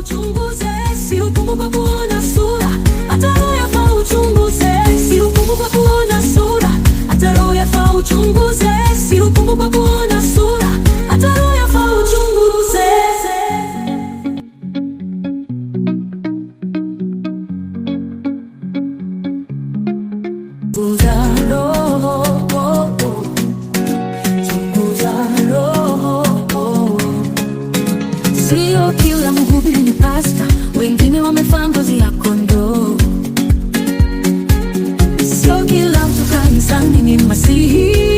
uchunguze, si utumbo kwa kuona Sio kila mhubiri ni pasta, wengine wamevaa ngozi ya kondoo. Sio kila mtu kanisani ni masihi.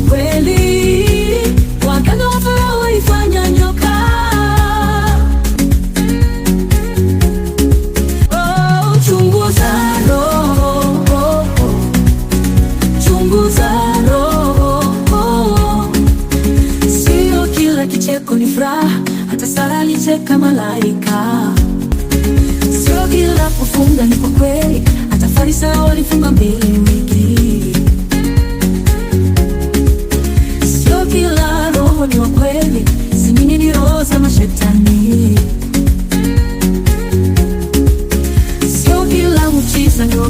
kweli waganga waifanya nyoka. Oh, chunguza roho, Chunguza roho, Sio kila kicheko ni furaha, hata Sara alicheka malaika. Sio kila kufunga ni kwa kweli, hata Farisayo alifunga mbili wiki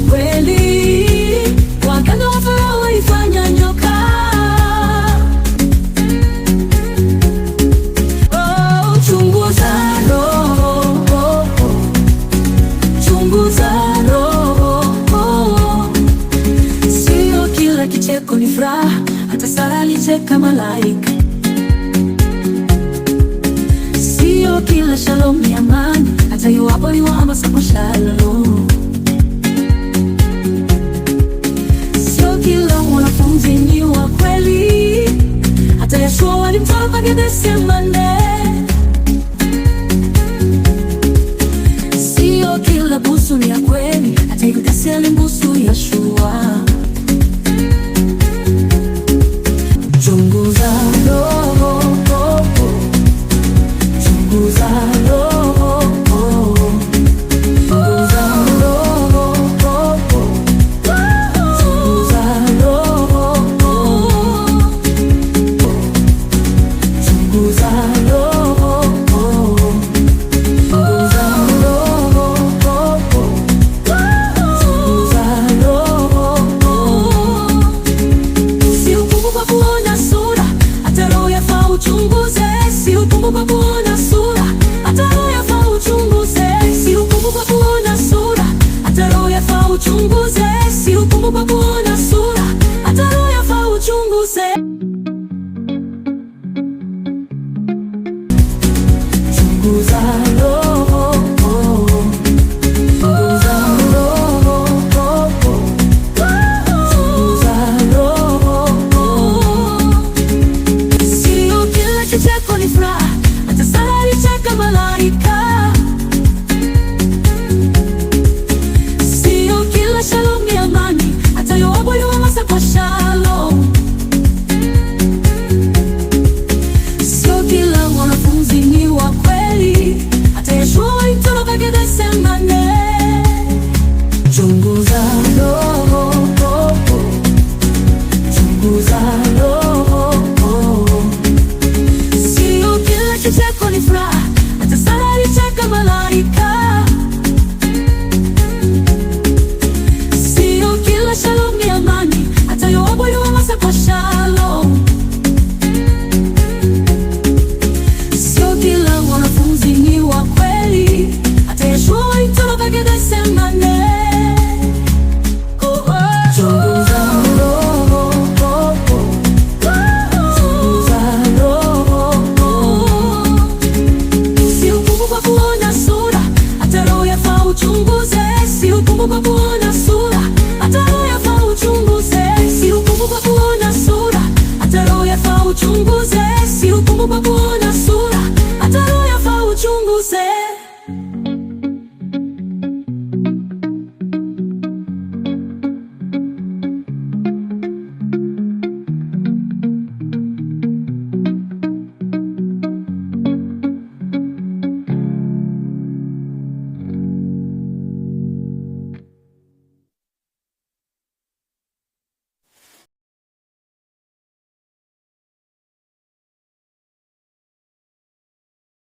kweli, waganga waifanya nyoka. Oh, chunguza roho, oh, oh. Chunguza roho, oh, oh. Sio kila kicheko ni furaha, hata Sara alicheka malaika. Sio kila shalom ni amani, hata shalom você. Babu